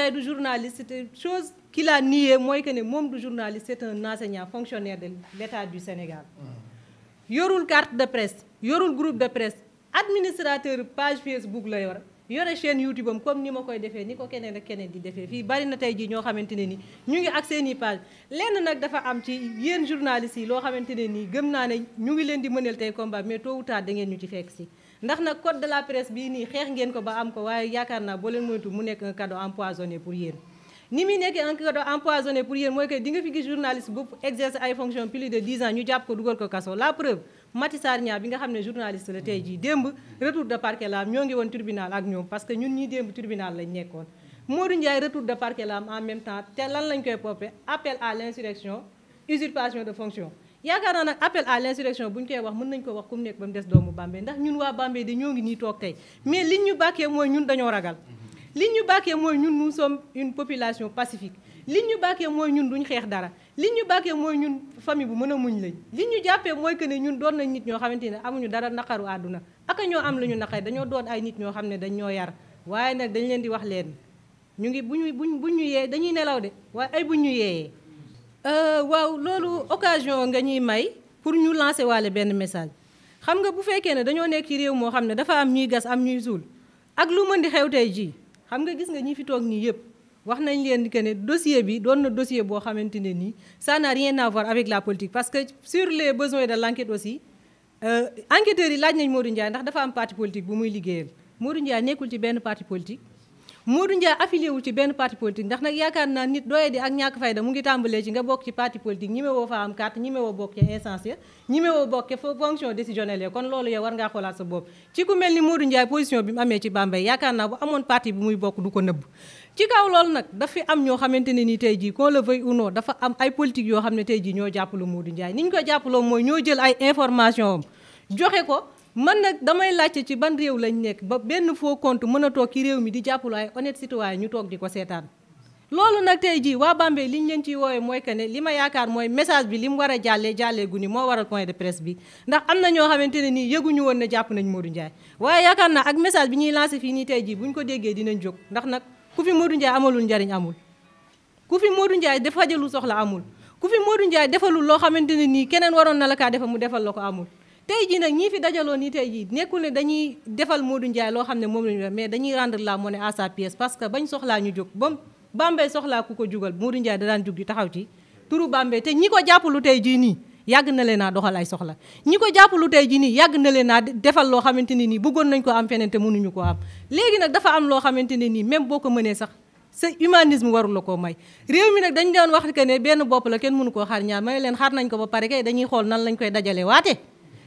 Ndiaye du journaliste c'était chose qu'il a nié mooy que ne moom du journaliste c'est un enseignant fonctionnaire de l'État du Sénégal mm. yorul carte de presse yorul groupe de presse administrateur page Facebook la yor yore chaîne YouTube am comme ni ma koy defee ni ko keneen ak keneen di defee fii bari na tey jii ñoo xamante ne ni ñu ngi ak seeni i lenn nag dafa am ci yéen journalistes yi loo xamante ne nii gëm naa ne ñu ngi leen di mënal tey combat mais tôt ou tard da ngeen ñu ci fekk si ndax na code de la presse bii nii xeex ngeen ko ba am ko waaye yaakaar naa boo leen moytu mu nekk un cadeau empoisonné pour yéen ni muy nekkee un cadeau empoisonné pour yéen mooy que di nga fi gis journaliste bu exerce ay fonction plus de ans ñu jàpp ko dugal ko kaso la preuve Mati Sarr bi nga xam ne journaliste la tey jii démb retour de parquet la am ñoo ngi woon tribunal ak ñoom parce que ñun ñii démb tribunal lañ nekkoon Modou Ndiaye retour de parquet la am à l' insurrection de fonction yaakaar naa nag appel à l'insurrection bu ñu koy wax mën nañu ko wax ku mu nekk ba mu des doomu Bambey ndax ñun waa Bambey de ñoo ngi nii toog tey mais liñ ñu bàkkee mooy ñun dañoo ragal liñ ñu bàkkee mooy ñun nous sommes une population pacifique liñ ñu bàkkee mooy ñun duñ xeex dara liñ ñu bàkkee mooy ñun famille bu mën a muñ lañ liñ ñu jàppee mooy que ne ñun doon nañ nit ñoo xamante ne amuñu dara naqaru àdduna aka ñoo am lu ñu naqar dañoo doon ay nit ñoo xam ne dañ ñoo yar waaye nag dañ leen di wax leen ñu ngi bu ñu buñ bu ñu yee dañuy nelaw de waaye ay bu ñu yeeyee Euh, waaw loolu occasion nga ñuy may pour ñu lancer waale benn message xam nga bu fekkee ne dañoo nekk ci réew moo xam ne dafa am ñuy gas am ñuy suul ak lu mën di xew tey jii xam nga gis nga ñi fi toog nii yëpp wax nañ leen que ne dossier bi doon na dossier boo xamante ne nii ça n'a rien à avec la politique parce que sur les besoins de l'enquête aussi euh, enquêteurs yi laaj nañ Modou Ndiaye ndax dafa am parti politique bu muy liggéeyal Modou Ndiaye nekkul ci benn parti politique Modou Ndiaye affilié wul ci benn parti politique ndax nag yaakaar naa nit doye di ak ñàkk fayda mu ngi tàmbalee ci nga bokk ci parti politique ñi mewoo fa am carte ñi mewoo bokk ci instance ya ñi mewoo bokk ci fonction décisionnelle kon loolu yow war ngaa xoolaat sa bopp ci ku mel ni Modou Ndiaye position bi mu amee ci Bambey yaakaar naa bu amoon parti bi muy bokk du ko nëbb ci kaw loolu nag daf am ñoo xamante ne ni tey jii qu'on le veuille ou dafa am ay politique yoo xam ne tey jii ñoo jàppaloo Modou Ndiaye ni ñu ko jàppaloo mooy ñoo jël ay information joxe ko man nag damay laajte ci ban réew lañ nekk ba benn foo compte mën a toog ki réew mi di jàppale ay honnête citoyen ñu toog di ko seetaan loolu nag tey jii waa Bambey li ñu leen ciy woowee mooy que ne li ma yaakaar mooy message bi li mu war a jàllee jàllee gu ni moo waral point de presse bi ndax am na ñoo xamante ne nii yëguñu woon ne jàpp nañ Modou Ndiaye waaye yaakaar naa ak message bi ñuy lancé fii nii tey jii buñ ko déggee dinañ jóg ndax nag ku fi Modou njariñ amul ku fi Modou Ndiaye dafa fajalul soxla amul ku fi Modou Ndiaye defalul loo xamante ne nii keneen waroon na la kaa defal mu defal la ko amul tey jii nag ñii fi dajaloo ni tey jii nekkul ne dañuy defal Modou Ndiaye loo xam ne moom lañu ñu def mais dañuy rendre la monnaie à sa pièce parce que bañ soxlaa ñu jóg bam Bambey soxlaa ku ko jugal Modou Ndiaye da daan jug di taxaw ci turu Bambey te ñi ko jàppalu tey jii nii yàgg na leen a doxal ay soxla ñi ko jàppalu tey jii nii yàgg na leen a defal loo xamante ne nii bëggoon nañ ko am feneen te mënuñu ko am léegi nag dafa am loo xamante ne nii même boo ko mënee sax sa humanisme warul la koo may réew mi nag dañ doon wax que ne benn bopp la kenn mënu koo xaar ñaar may leen xaar nañ ko ba pare kay xool nan lañ koy dajale waate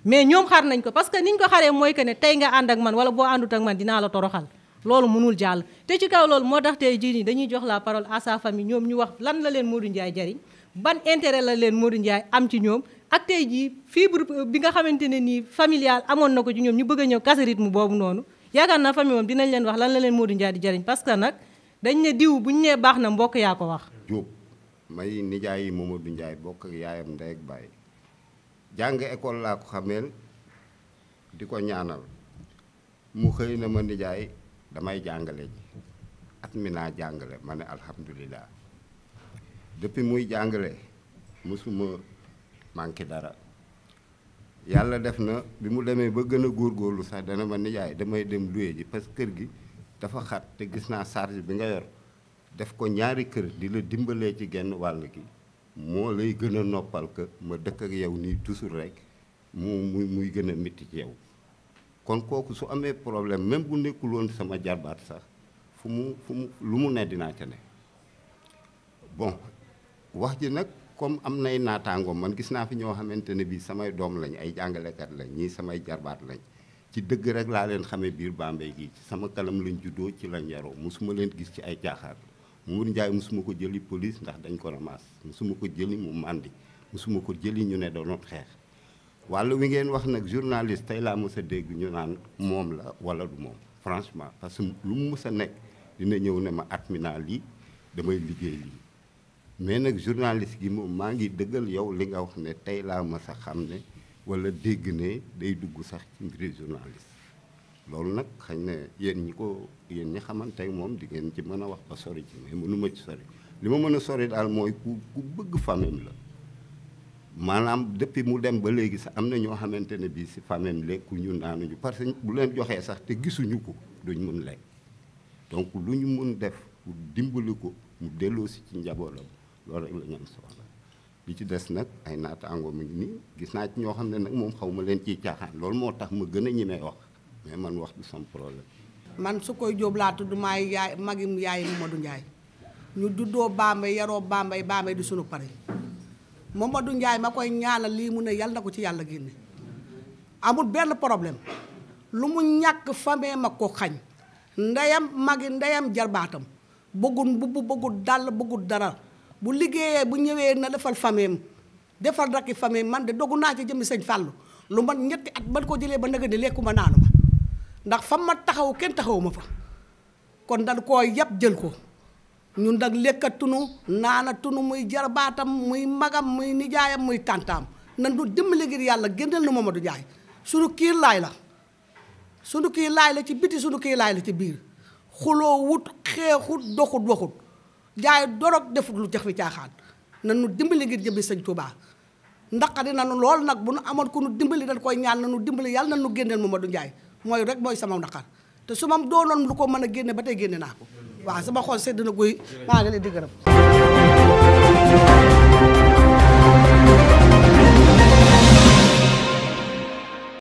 mais ñoom xar nañ ko parce que niñ ko xaree mooy que ne tey nga ànd ak man wala boo àndut ak man dinaa la toroxal loolu mënul jàll te ci kaw loolu moo tax tey jii nii dañuy jox la parole à sa famille ñoom ñu wax lan la leen Modou Ndiaye jariñ ban intérêt la leen Modou Ndiaye am ci ñoom ak tey jii fii fibre bi nga xamante ne nii familial amoon na ko ci ñoom ñu bëgg ñëw kase rythme boobu noonu yaakaar naa famille moom dinañ leen wax lan la leen Modou Ndiaye di jariñ parce que nag dañ ne diw bu baax na mbokk yaa ko wax Diop may nijaay Mamadou Ndiaye bokk yaayam ndey ak baay jàng école laa ko xameel di ko ñaanal mu xëy na ma nijaay damay jàngale ji at mi naa jàngale ma ne alhamdulilah depuis muy jàngale mësuma manqué dara yàlla def na bi mu demee ba gën a góor góorlu sax dana ma nijaay damay dem luye ji parce que kër gi dafa xat te gis naa charge bi nga yor def ko ñaari kër di la dimbalee ci genn wàll gi moo lay gën a noppal que ma dëkk ak yow nii toujours rek mu muy muy gën a métti ci yow kon kooku su amee problème même bu nekkul woon sama jarbaat sax fu mu fu mu lu mu ne dinaa ca ne bon wax ji nag comme am nay naataangoom man gis naa fi ñoo xamante ne bii samay doom lañ ay jàngalekat lañ ñii samay jarbaat lañ ci dëgg rek laa leen xamee biir Bambey gi ci sama kanam lañ juddoo ci lañ yaroo mosuma leen gis ci ay caaxaar Mour Ndiaye musuma ko jëli police ndax dañ ko ramasse musuma ko jëli mu màndi mosuma ko jëli ñu ne doonoon xeex wàllu wi ngeen wax nag journaliste tey laa mës a dégg ñu naan moom la wala du moom franchement parce que lu mu mës a nekk dina ñëw ne ma at mi naa lii damay liggéey lii mais nag journaliste gi moom maa ngi dëggal yow li nga wax ne tey laa mës a xam ne wala dégg ne day dugg sax ci mbiri journaliste loolu nag xañ ne yéen ñi ko yéen ñi xamante moom di ngeen ci mën a wax ba sori ci mais mënu ma ci sori li ma mën a sori daal mooy ku ku bëgg famem la maanaam depuis mu dem ba léegi sax am na ñoo xamante ne bii si famem lekku ñu parce que bu leen joxee sax te gisuñu ko duñ mun lekk donc lu ñu mun def pour dimbali ko mu delloo si ci njabootam loolu rek la am soxla li ci des nag ay naataangoo mi ngi nii gis naa ci ñoo xam ne nag moom xaw ma leen ciy caaxaan loolu moo tax ma gën a ñi ñemee wax mais man wax man su koy jóob laa tudd maay yaay magim yaay Mamadou Ndiaye ñu duddoo Bambey yaroo Bambey Bambey di sunu pare Mamadou Ndiaye ma koy ñaanal lii mu ne yàlla na ko ci yàlla génne amul benn problème lu mu ñàkk famee ma ko xañ ndeyam magi ndeyam jarbaatam bëggul mbubb bëggul dàll bëggul dara bu liggéeyee bu ñëwee na defal fameem defal rakki fameem man de dogu naa ci jëmmi sëñ Fàllu lu ma ñetti at man ko jëlee ba naga di lekkuma naanu ma ndax fam ma taxaw kenn taxaw ma fa kon dañ koo yab jël ko ñun nag lekkatunu naanatunu muy jarbaatam muy magam muy nijaayam muy tàntaam nan du dimbali ngir yàlla génneel na Mamadou Ndiaye sunu kii laay la sunu kii laay la ci biti sunu kii laay la ci biir xuloo wut xeexut doxut waxut jaay dorog defut lu jax fi caaxaat nan nu dimbali ngir jëmmi sëñ Tuubaa ndax di na nu lool nag bu nu amoon ku nu dimbali dañ koy ñaan na nu dimbali yàlla na nu génneel Mamadou Ndiaye mooy rek mooy sama naqar te su ma doonoon lu ko mën a génne ba tey génne naa ko waaw sama xol sedd na guy maa ngi leen di gërëm